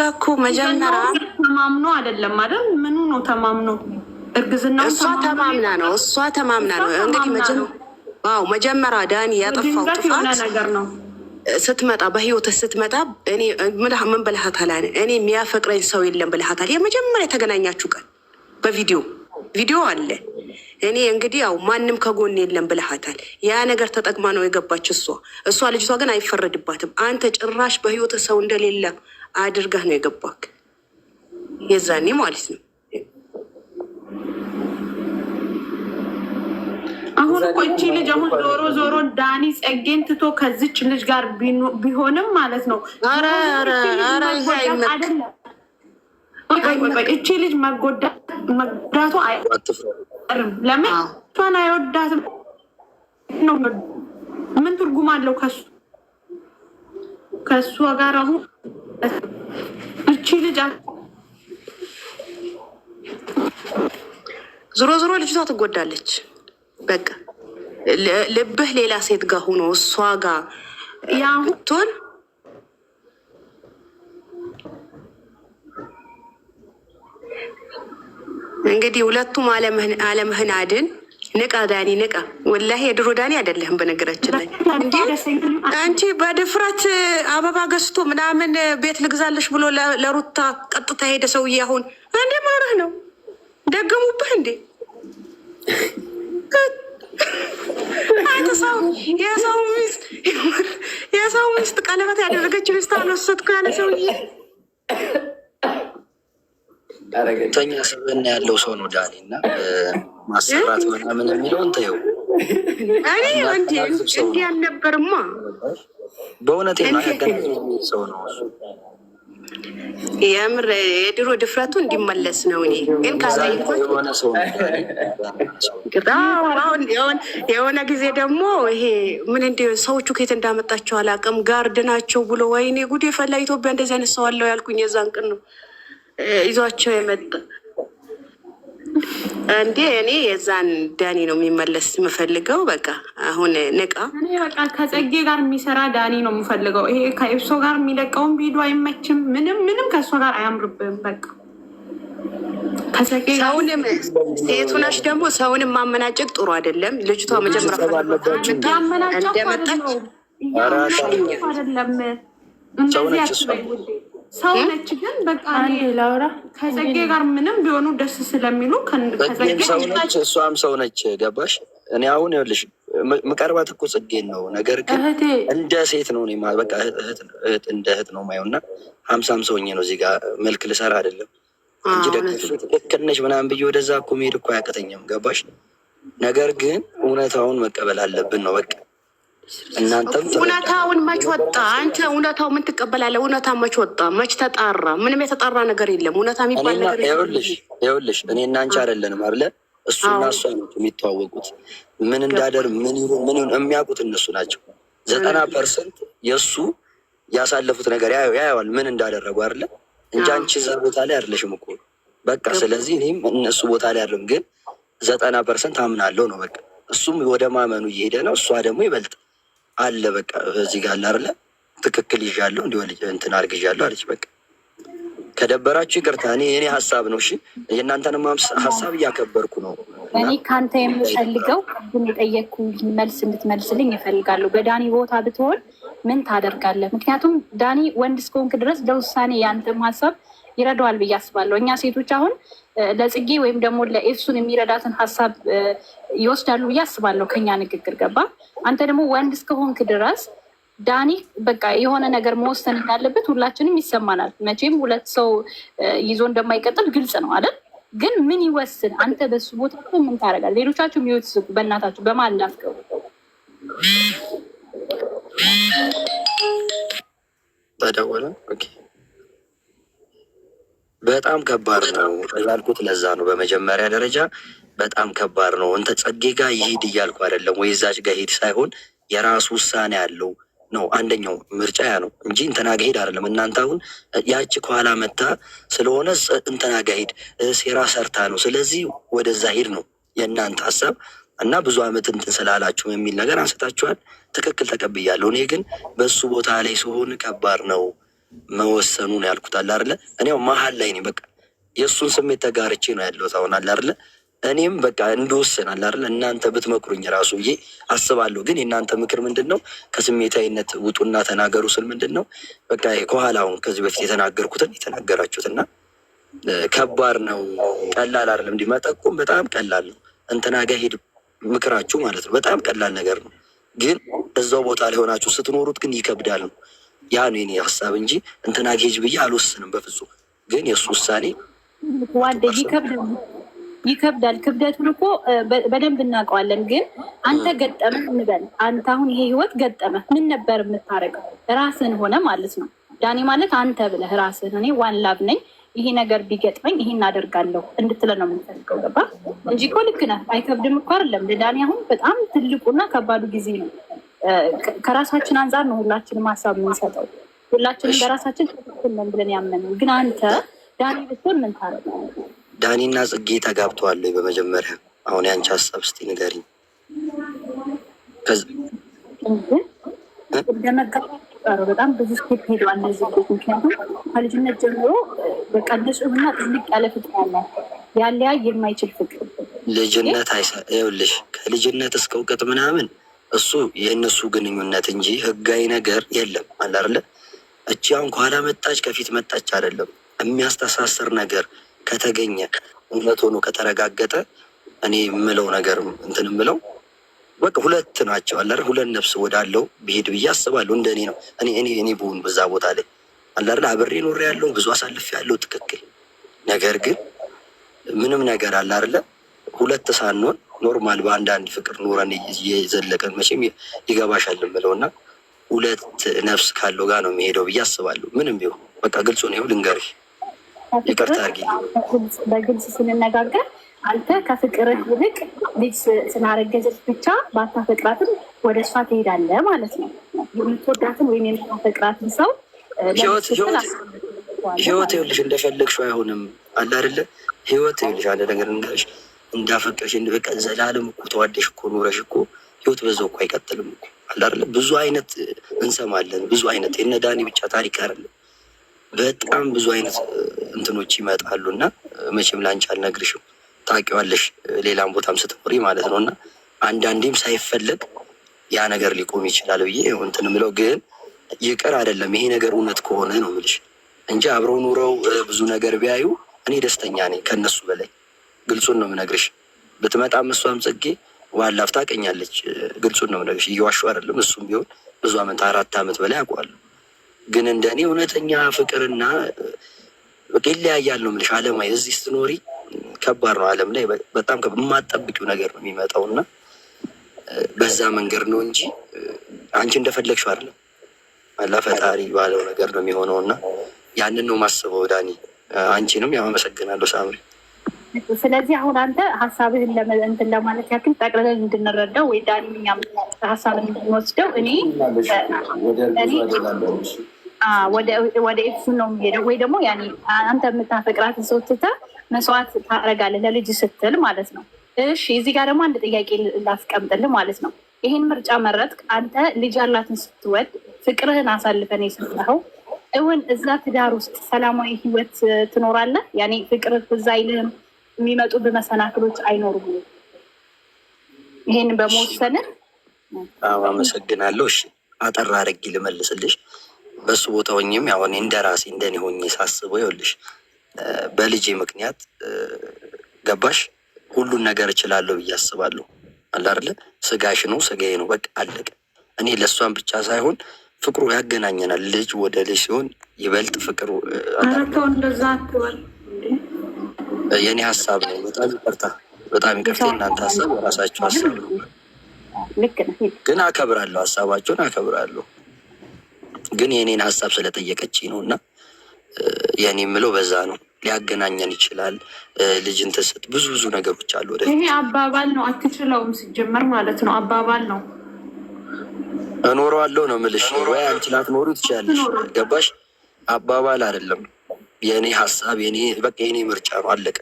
ጋ እኮ መጀመሪያ ተማምኖ አይደለም አይደል? ምኑ ነው ተማምኖ? እርግዝና እሷ ተማምና ነው እሷ ተማምና ነው እንግዲህ ው መጀመሪያ ዳኒ ያጠፋው ጥፋት ስትመጣ በህይወት ስትመጣ እኔ ምን ብልሃታል? እኔ የሚያፈቅረኝ ሰው የለም ብልሃታል። የመጀመሪያ የተገናኛችሁ ቀን በቪዲዮ ቪዲዮ አለ። እኔ እንግዲህ ያው ማንም ከጎን የለም ብልሃታል። ያ ነገር ተጠቅማ ነው የገባች እሷ እሷ ልጅቷ ግን አይፈረድባትም። አንተ ጭራሽ በህይወት ሰው እንደሌለ አድርጋ ነው የገባክ የዛኔ ማለት ነው። አሁን እኮ እቺ ልጅ አሁን ዞሮ ዞሮ ዳኒ ጸጌን ትቶ ከዚች ልጅ ጋር ቢሆንም ማለት ነው እቺ ልጅ መጎዳቱ አይቀርም። ለምን እሷን አይወዳትም? ምን ትርጉም አለው ከሱ ከእሷ ጋር አሁን እቺ ልጅ ዞሮ ዞሮ ልጅቷ ትጎዳለች። በቃ ልብህ ሌላ ሴት ጋር ሆኖ እሷ ጋር ብትሆን እንግዲህ ሁለቱም አለምህን አድን ንቃ ዳኒ ንቃ። ወላሂ የድሮ ዳኒ አይደለህም። በነገራችን ላይ አንቺ በድፍረት አበባ ገዝቶ ምናምን ቤት ልግዛለሽ ብሎ ለሩታ ቀጥታ ሄደ ሰውዬ። አሁን እንዴ ማረህ ነው ደገሙብህ እንዴ? የሰው ሚስት ቀለበት ያደረገች ሚስት አልወሰድኩ ያለ ሰውዬ ተኛ ስብን ያለው ሰው ነው ዳኒ እና ማሰራት ምናምን የሚለውን ተይው። እንዲህ አልነበርማ። በእውነት ሰው ነው እሱ። የምር የድሮ ድፍረቱ እንዲመለስ ነው። እኔ ግን የሆነ ጊዜ ደግሞ ይሄ ምን እንደ ሰዎቹ ከየት እንዳመጣቸው አላውቅም፣ ጋርድ ናቸው ብሎ ወይኔ ጉድ የፈላ ኢትዮጵያ እንደዚህ አይነት ሰው አለው ያልኩኝ የዛን ቀን ነው። ይዟቸው የመጣ እንዴ እኔ የዛን ዳኒ ነው የሚመለስ የምፈልገው። በቃ አሁን ንቃ። በቃ ከጸጌ ጋር የሚሰራ ዳኒ ነው የምፈልገው። ይሄ ከኤፕሶ ጋር የሚለቀውን ቪዲዮ አይመችም። ምንም ምንም ከእሷ ጋር አያምርብም። በቃ ሰውንም ሴቱ ነች ደግሞ ሰውን ማመናጨቅ ጥሩ አይደለም። ልጅቷ መጀመሪያ እንደመጣች አይደለም እንደዚህ ሰው ነች ግን በቃ ላውራ ከጸጌ ጋር ምንም ቢሆኑ ደስ ስለሚሉ እሷም ሰው ነች። ገባሽ? እኔ አሁን ይኸውልሽ ምቀርባት እኮ ጽጌን ነው። ነገር ግን እንደ ሴት ነው በቃ እንደ እህት ነው ማየው እና ሀምሳም ሰውኝ ነው እዚህ ጋር መልክ ልሰራ አይደለም እንጂ ልክ ነሽ ምናምን ብዬ ወደዛ እኮ መሄድ እኮ ገባሽ? ነገር ግን እውነታውን መቀበል አለብን ነው በቃ እውነታውን መች ወጣ? አንተ እውነታው ምን ትቀበላለህ? እውነታ መች ወጣ? መች ተጣራ? ምንም የተጣራ ነገር የለም። እውነታ የሚባል ነገር ይኸውልሽ፣ እኔ እና አንቺ አይደለንም አለ እሱና እሷ ነው የሚተዋወቁት። ምን እንዳደር ምን ይሁን ምን ይሁን የሚያውቁት እነሱ ናቸው። ዘጠና ፐርሰንት የእሱ ያሳለፉት ነገር ያየዋል፣ ምን እንዳደረጉ አለ እንጂ አንቺ እዛ ቦታ ላይ አይደለሽም እኮ በቃ። ስለዚህ እኔም እነሱ ቦታ ላይ አይደለም፣ ግን ዘጠና ፐርሰንት አምናለሁ ነው በቃ። እሱም ወደ ማመኑ እየሄደ ነው፣ እሷ ደግሞ ይበልጥ አለ በቃ እዚህ ጋር አለ ትክክል ይዣለሁ፣ እንዲሁ እንትን አድርግ ይዣለሁ አለች። በቃ ከደበራችሁ ይቅርታ፣ እኔ የኔ ሀሳብ ነው። እሺ የእናንተንም ሀሳብ እያከበርኩ ነው። እኔ ከአንተ የምፈልገው ግን የጠየቅኩህን መልስ እንድትመልስልኝ ይፈልጋሉ። በዳኒ ቦታ ብትሆን ምን ታደርጋለህ? ምክንያቱም ዳኒ ወንድ እስከሆንክ ድረስ ለውሳኔ የአንተም ሀሳብ ይረዳዋል ብዬ አስባለሁ። እኛ ሴቶች አሁን ለጽጌ ወይም ደግሞ ለኤፍሱን የሚረዳትን ሀሳብ ይወስዳሉ ብዬ አስባለሁ። ከኛ ንግግር ገባ። አንተ ደግሞ ወንድ እስከሆንክ ድረስ ዳኒ በቃ የሆነ ነገር መወሰን እንዳለበት ሁላችንም ይሰማናል። መቼም ሁለት ሰው ይዞ እንደማይቀጥል ግልጽ ነው አይደል? ግን ምን ይወስን? አንተ በሱ ቦታ ምን ታደርጋለህ? ሌሎቻችሁ ሚወት ስጉ፣ በእናታችሁ በማን እንዳትገቡ። ተደወለ። ኦኬ በጣም ከባድ ነው እላልኩት። ለዛ ነው በመጀመሪያ ደረጃ በጣም ከባድ ነው። እንተ ጸጌ ጋር ይሄድ እያልኩ አይደለም፣ ወይ እዛች ጋር ሄድ ሳይሆን የራሱ ውሳኔ ያለው ነው። አንደኛው ምርጫ ያ ነው እንጂ እንትና ጋር ሄድ አይደለም። እናንተ አሁን ያቺ ከኋላ መታ ስለሆነ እንትና ጋር ሄድ ሴራ ሰርታ ነው፣ ስለዚህ ወደዛ ሄድ ነው የእናንተ ሀሳብ እና ብዙ ዓመት እንትን ስላላችሁ የሚል ነገር አንስታችኋል። ትክክል ተቀብያለሁ። እኔ ግን በሱ ቦታ ላይ ሲሆን ከባድ ነው መወሰኑ ነው ያልኩት። አለ አይደለ እኔው መሀል ላይ ነኝ። በቃ የእሱን ስሜት ተጋርቼ ነው ያለሁት አሁን። አለ አይደለ እኔም በቃ እንደወሰን አለ አይደለ እናንተ ብትመክሩኝ ራሱ ብዬ አስባለሁ። ግን የእናንተ ምክር ምንድን ነው? ከስሜታዊነት ውጡና ተናገሩ ስል ምንድን ነው በቃ ከኋላ አሁን ከዚህ በፊት የተናገርኩትን የተናገራችሁትና ከባድ ነው። ቀላል አይደለም። እንዲህ መጠቆም በጣም ቀላል ነው። እንትና ጋ ሂድ ምክራችሁ ማለት ነው። በጣም ቀላል ነገር ነው። ግን እዛው ቦታ ላይ ሆናችሁ ስትኖሩት ግን ይከብዳል ነው ያ ነው የኔ ሀሳብ እንጂ እንትና ጌጅ ብዬ አልወስንም በፍጹም። ግን የእሱ ውሳኔ ዋደ ይከብዳል ይከብዳል። ክብደቱን እኮ በደንብ እናውቀዋለን። ግን አንተ ገጠመ እንበል፣ አንተ አሁን ይሄ ህይወት ገጠመ፣ ምን ነበር የምታደርገው? ራስህን ሆነ ማለት ነው ዳኔ ማለት አንተ ብለህ ራስህን እኔ ዋን ላብ ነኝ ይሄ ነገር ቢገጥመኝ ይሄ እናደርጋለሁ እንድትለ ነው የምንፈልገው። ገባ እንጂ እኮ ልክ ነህ። አይከብድም እኮ አይደለም ለዳኔ አሁን በጣም ትልቁና ከባዱ ጊዜ ነው። ከራሳችን አንጻር ነው ሁላችንም ሀሳብ የምንሰጠው። ሁላችንም በራሳችን ትክክል ነን ብለን ያመን ግን አንተ ዳኒ ብትሆን ምን ታረግ? ዳኒና ጽጌ ተጋብተዋል። በመጀመሪያ አሁን ያንቺ ሀሳብ እስኪ ንገሪኝ። እንደመቀጠሩ በጣም ብዙ ስኬት ሄደዋል እነዚህ ልጆች። ምክንያቱም ከልጅነት ጀምሮ በቃ እና ትልቅ ያለ ፍቅር ያለ ያለያይ የማይችል ፍቅር ልጅነት ይኸውልሽ፣ ከልጅነት እስከ እውቀት ምናምን እሱ የእነሱ ግንኙነት እንጂ ህጋዊ ነገር የለም። አላለ እቺ አሁን ከኋላ መጣች ከፊት መጣች አይደለም። የሚያስተሳስር ነገር ከተገኘ እውነት ሆኖ ከተረጋገጠ እኔ የምለው ነገር እንትን የምለው በቃ ሁለት ናቸው አላር ሁለት ነፍስ ወዳለው ብሄድ ብዬ አስባለሁ። እንደ እኔ ነው እኔ እኔ እኔ ብሆን በዛ ቦታ ላይ አላር አብሬ ኖሬ ያለው ብዙ አሳልፍ ያለው ትክክል ነገር ግን ምንም ነገር አላርለ ሁለት ሳንሆን ኖርማል በአንዳንድ ፍቅር ኖረን እየዘለቀን መቼም ይገባሻል የምለው እና ሁለት ነፍስ ካለው ጋር ነው የሚሄደው ብዬ አስባለሁ። ምንም ቢሆን በቃ ግልጹ ነው ልንገርሽ። ይቅርታ አድርጊ። በግልጽ ስንነጋገር አንተ ከፍቅርህ ይልቅ ልጅ ስናረገዘች ብቻ ባታፈቅራትም ወደ እሷ ትሄዳለህ ማለት ነው። የምትወዳትን ወይም የምታፈቅራትን ሰው ህይወት ይኸውልሽ እንደፈለግሽው አይሆንም አለ አይደለ? ህይወት ይኸውልሽ አንድ ነገር እንገርሽ እንዳፈቀሽ እንበቀ ዘላለም እኮ ተዋደሽ እኮ ኑረሽ እኮ ህይወት በዛው እኮ አይቀጥልም እኮ አለ። ብዙ አይነት እንሰማለን። ብዙ አይነት የነ ዳኒ ብቻ ታሪክ አይደለም። በጣም ብዙ አይነት እንትኖች ይመጣሉ እና መቼም ላንቺ አልነግርሽም፣ ታውቂዋለሽ። ሌላም ቦታም ስትኖሪ ማለት ነው እና አንዳንዴም ሳይፈለግ ያ ነገር ሊቆም ይችላል ብዬ እንትን ምለው ግን ይቅር አይደለም ይሄ ነገር እውነት ከሆነ ነው ምልሽ እንጂ አብረው ኑረው ብዙ ነገር ቢያዩ እኔ ደስተኛ ነኝ ከነሱ በላይ ግልጹን ነው የምነግርሽ። ብትመጣም እሷም ጽጌ ዋላፍ ታቀኛለች። ግልጹን ነው የምነግርሽ፣ እየዋሹ አይደለም። እሱም ቢሆን ብዙ አመት አራት አመት በላይ አውቀዋለሁ። ግን እንደ እኔ እውነተኛ ፍቅርና ይለያያል ነው የምልሽ። አለማዊ እዚህ ስትኖሪ ከባድ ነው። አለም ላይ በጣም የማጠብቂው ነገር ነው የሚመጣው እና በዛ መንገድ ነው እንጂ አንቺ እንደፈለግሽ አይደለም። አላ ፈጣሪ ባለው ነገር ነው የሚሆነው እና ያንን ነው ማስበው ዳኒ። አንቺንም ያመሰግናለሁ ሳምሪ። ስለዚህ አሁን አንተ ሀሳብህን እንትን ለማለት ያክል ጠቅልለን እንድንረዳው ወይ ዳኒም እኛም ሀሳብ እንድንወስደው እኔ ወደ ኤፍሱን ነው የሚሄደው ወይ ደግሞ ያኔ አንተ የምታፈቅራትን ሰው ትተህ መስዋዕት ታደርጋለህ ለልጅ ስትል ማለት ነው። እሺ እዚህ ጋር ደግሞ አንድ ጥያቄ ላስቀምጥልህ ማለት ነው። ይህን ምርጫ መረጥክ አንተ ልጅ ያላትን ስትወድ ፍቅርህን አሳልፈን የሰጠኸው እውን እዛ ትዳር ውስጥ ሰላማዊ ህይወት ትኖራለህ? ያኔ ፍቅር እዛ አይልህም የሚመጡ በመሰናክሎች አይኖሩም። ይሄን በመወሰን አመሰግናለሁ። እሺ አጠር አድርጌ ልመልስልሽ። በሱ ቦታ ሆኜም አሁን እንደ ራሴ እንደኔ ሆኜ ሳስበው ይኸውልሽ በልጄ ምክንያት ገባሽ ሁሉን ነገር እችላለሁ ብዬ አስባለሁ። አለ ስጋሽ ነው ስጋዬ ነው በቃ አለቀ። እኔ ለእሷን ብቻ ሳይሆን ፍቅሩ ያገናኘናል። ልጅ ወደ ልጅ ሲሆን ይበልጥ ፍቅሩ እንደዛ የእኔ ሀሳብ ነው። በጣም ይቅርታ፣ በጣም ይቅርታ። እናንተ ሀሳብ የራሳችሁ ሀሳብ ነው፣ ግን አከብራለሁ፣ ሀሳባችሁን አከብራለሁ። ግን የእኔን ሀሳብ ስለጠየቀች ነው እና የእኔ የምለው በዛ ነው። ሊያገናኘን ይችላል። ልጅ እንትን ብዙ ብዙ ነገሮች አሉ። ወደ ይሄ አባባል ነው፣ አትችለውም ሲጀመር ማለት ነው። አባባል ነው። እኖረዋለሁ ነው የምልሽ። ወይ አንቺ ላትኖሩ ትችያለሽ። ገባሽ? አባባል አይደለም። የእኔ ሀሳብ የኔ በቃ የኔ ምርጫ ነው፣ አለቀ።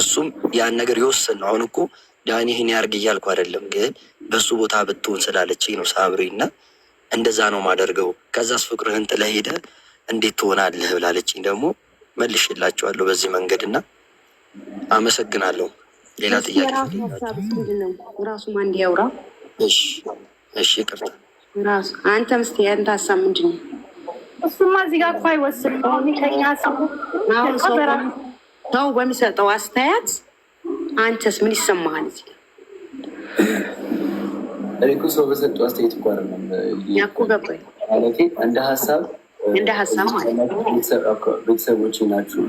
እሱም ያን ነገር የወሰን ነው። አሁን እኮ ዳኒ ይህን ያርግ እያልኩ አይደለም፣ ግን በሱ ቦታ ብትሆን ስላለች ነው ሳብሪ እና እንደዛ ነው ማደርገው። ከዛስ ፍቅርህን ጥለህ ሄደህ እንዴት ትሆናለህ ብላለችኝ። ደግሞ መልሽላቸዋለሁ በዚህ መንገድ እና አመሰግናለሁ። ሌላ ጥያቄ ራሱ አንድ ያውራ። እሺ፣ እሺ፣ ይቅርታ። ራሱ አንተም እስኪ ያንተ ሀሳብ ምንድን ነው? እሱማ እዚህ ጋር እኮ ከኛ ሰው በሚሰጠው አስተያየት አንተስ ምን ይሰማሃል? እኔ እኮ ሰው በሰጠው አስተያየት እኮ እንደ ሀሳብ እንደ ሀሳብ ናችሁ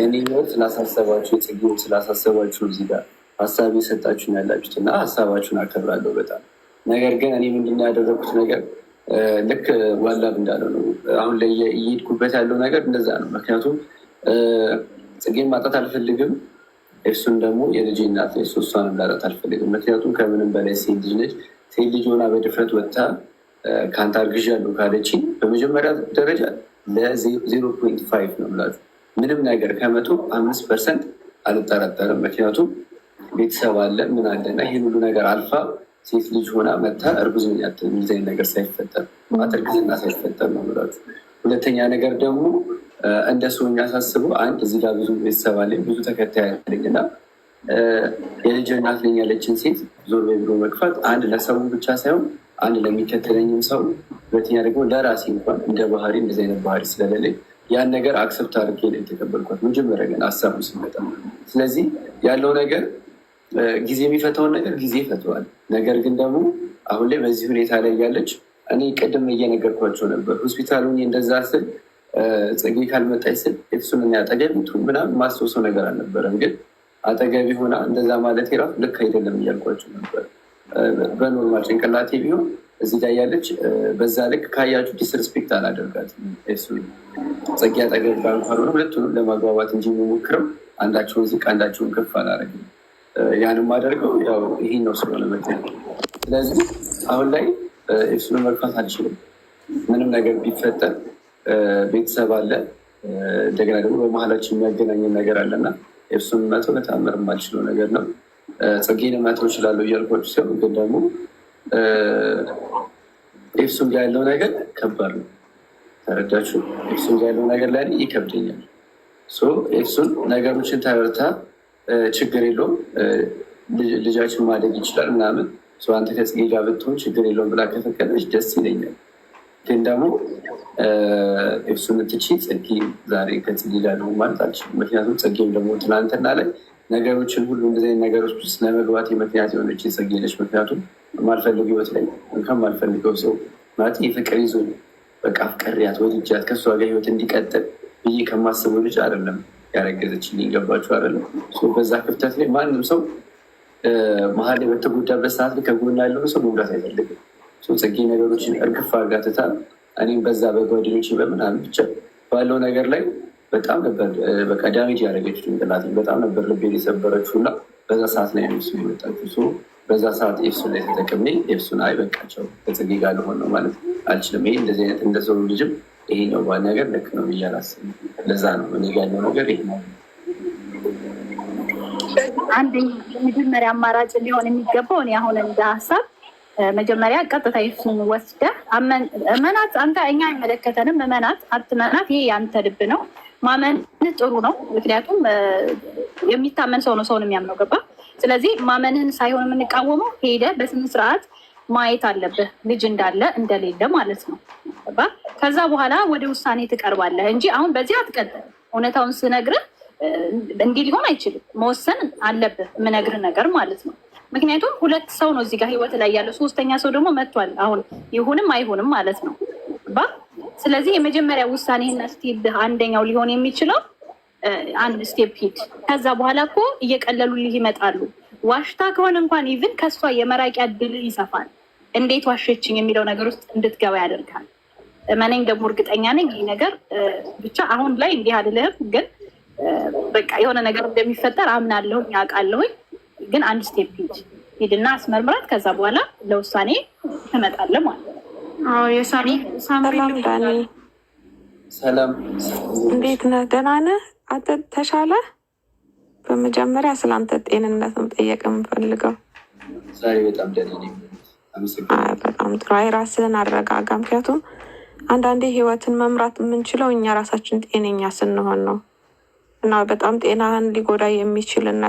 ህይወት ስላሳሰባችሁ፣ የጽጌ ስላሳሰባችሁ እዚህ ጋር ሀሳብ የሰጣችሁን ያላችሁት እና ሀሳባችሁን አከብራለሁ በጣም ነገር ግን እኔ ምንድን ነው ያደረኩት ነገር ልክ ዋላብ እንዳለ ነው። አሁን ላይ እየሄድኩበት ያለው ነገር እንደዛ ነው። ምክንያቱም ጽጌን ማጣት አልፈልግም። እርሱን ደግሞ የልጅ እናት ነች፣ እሷን አልፈልግም። ምክንያቱም ከምንም በላይ ሴት ልጅ ነች። ሴት ልጅ ሆና በድፍረት ወጥታ ከአንተ አርግዣለሁ ካለችኝ በመጀመሪያ ደረጃ ለዜሮ ፖይንት ፋይቭ ነው ብላት ምንም ነገር ከመቶ አምስት ፐርሰንት አልጠረጠርም። ምክንያቱም ቤተሰብ አለ ምን አለና ይህን ሁሉ ነገር አልፋ ሴት ልጅ ሆና መታ እርጉዝኛ የሚታይ ነገር ሳይፈጠር ማለት እርግዝና ሳይፈጠር ነው ብላት። ሁለተኛ ነገር ደግሞ እንደ ሰው የሚያሳስበው አንድ እዚህ ጋር ብዙ ቤተሰብ አለኝ ብዙ ተከታይ ያለኝ እና የልጅ እናት ነኝ ያለችን ሴት ዞር በይ ብሎ መግፋት አንድ ለሰው ብቻ ሳይሆን አንድ ለሚከተለኝም ሰው፣ ሁለተኛ ደግሞ ለራሴ እንኳን እንደ ባህሪ እንደዚህ አይነት ባህሪ ስለሌለኝ ያን ነገር አክሰብት አድርጌ ነው የተቀበልኳት መጀመሪያ ግን አሳቡ ስመጣ። ስለዚህ ያለው ነገር ጊዜ የሚፈታውን ነገር ጊዜ ይፈተዋል። ነገር ግን ደግሞ አሁን ላይ በዚህ ሁኔታ ላይ ያለች እኔ ቅድም እየነገርኳቸው ነበር። ሆስፒታሉ እንደዛ ስል ጽጌ ካልመጣች ስል ኤፍሱን እና አጠገብ ምናምን ማስታወሰው ነገር አልነበረም። ግን አጠገቢ ሆና እንደዛ ማለት የራሱ ልክ አይደለም እያልኳቸው ነበር። በኖርማል ጭንቅላቴ ቢሆን እዚህ ጋር ያለች በዛ ልክ ካያችሁ ዲስርስፔክት አላደርጋትም። ኤፍሱን ጽጌ አጠገብ ባንኳር ሁለቱንም ለማግባባት እንጂ የሚሞክረው አንዳቸውን ዝቅ አንዳቸውን ከፍ አላረግም። ያን አደርገው ያው ይህን ነው ስለሆነ ስለዚህ አሁን ላይ ኤፕስሎን መግፋት አልችልም። ምንም ነገር ቢፈጠር ቤተሰብ አለ፣ እንደገና ደግሞ በመሀላችን የሚያገናኘን ነገር አለና ኤፕስሎን መተው ለታመር የማልችለው ነገር ነው። ጽጌን መተው እችላለሁ እያልኳችሁ ሲሆን ግን ደግሞ ኤፕስሎን ጋር ያለው ነገር ከባድ ነው። ተረዳችሁ? ኤፕስሎን ጋር ያለው ነገር ላይ ይከብደኛል። ኤፕስሎን ነገሮችን ተረድታ ችግር የለውም ልጃችን ማደግ ይችላል ምናምን አንተ ከጽጌ ጋር ብትሆን ችግር የለውም ብላ ከፈቀደች ደስ ይለኛል። ግን ደግሞ ኤፍሱን ትቺ ጽጌ ዛሬ ከጽጌጃ ጋር ደግሞ ማለት አልችልም። ምክንያቱም ጽጌም ደግሞ ትናንትና ላይ ነገሮችን ሁሉ እንደዚህ ነገሮች ውስጥ ለመግባት ምክንያት የሆነች ጽጌ ነች። ምክንያቱም የማልፈልግ ህይወት ላይ እንኳን የማልፈልገው ሰው ማለት የፍቅር ይዞ በቃ ፍቅርያት ወድጃት ከእሷ ጋር ህይወት እንዲቀጥል ብዬ ከማስበው ልጅ አይደለም። ያረገዘችልኝ ገባችሁ አለ። በዛ ክፍተት ላይ ማንም ሰው መሀል በተጎዳበት ሰዓት ላይ ከጎና ያለው ሰው መጉዳት አይፈልግም። ጸጌ ነገሮችን እርግፍ አጋትታ እኔም በዛ በጓደኞች በምናምን ብቻ ባለው ነገር ላይ በጣም ነበር በቃ ዳሜጅ ያደረገች ንቅላት በጣም ነበር ልቤን የሰበረችው እና በዛ ሰዓት ላይ ኤፍሱ የመጣችው በዛ ሰዓት ኤፍሱ ላይ ተጠቅሜ ኤፍሱን አይበቃቸው ከጽጌ ጋር ለሆን ነው ማለት አልችልም። ይሄ እንደዚህ አይነት እንደሰው ልጅም ይሄ ነው ባል ነገር ልክ ነው ብዬ አላስብም። ለዛ ነው እኔ ያለው ነገር ይሄ ነው። አንድ የመጀመሪያ አማራጭ ሊሆን የሚገባው እኔ አሁን እንደ ሀሳብ መጀመሪያ ቀጥታ የሱን ወስደህ መናት አንተ እኛ አይመለከተንም፣ መናት አትመናት፣ ይሄ ያንተ ልብ ነው። ማመን ጥሩ ነው፣ ምክንያቱም የሚታመን ሰው ነው ሰውን የሚያምነው ገባ። ስለዚህ ማመንህን ሳይሆን የምንቃወመው ሄደ በስነ ስርዓት ማየት አለብህ ልጅ እንዳለ እንደሌለ ማለት ነው። ከዛ በኋላ ወደ ውሳኔ ትቀርባለህ እንጂ አሁን በዚህ አትቀጥል። እውነታውን ስነግርህ እንዲህ ሊሆን አይችልም፣ መወሰን አለብህ የምነግርህ ነገር ማለት ነው። ምክንያቱም ሁለት ሰው ነው እዚህ ጋር ህይወት ላይ ያለው፣ ሶስተኛ ሰው ደግሞ መጥቷል። አሁን ይሁንም አይሁንም ማለት ነው። ስለዚህ የመጀመሪያ ውሳኔህና ስቴፕ አንደኛው ሊሆን የሚችለው አንድ ስቴፕ ሂድ። ከዛ በኋላ እኮ እየቀለሉልህ ይመጣሉ። ዋሽታ ከሆነ እንኳን ኢቭን ከእሷ የመራቂያ ድል ይሰፋል። እንዴት ዋሸችኝ የሚለው ነገር ውስጥ እንድትገባ ያደርጋል። መነኝ ደግሞ እርግጠኛ ነኝ ይህ ነገር ብቻ አሁን ላይ እንዲህ አልልህም፣ ግን በቃ የሆነ ነገር እንደሚፈጠር አምናለሁ አውቃለሁኝ። ግን አንድ ስቴፕ ሂድ ሂድና አስመርምራት፣ ከዛ በኋላ ለውሳኔ ትመጣለህ ማለት ነው። ሰላም፣ እንዴት ነህ? ደህና ነህ? አንተ በመጀመሪያ ስለአንተ ጤንነት ነው ጠየቅ የምፈልገው። ዛሬ በጣም ደህና ነኝ። በጣም ጥሩ። አይ ራስህን አረጋጋ። ምክንያቱም አንዳንዴ ህይወትን መምራት የምንችለው እኛ ራሳችን ጤነኛ ስንሆን ነው እና በጣም ጤናህን ሊጎዳ የሚችልን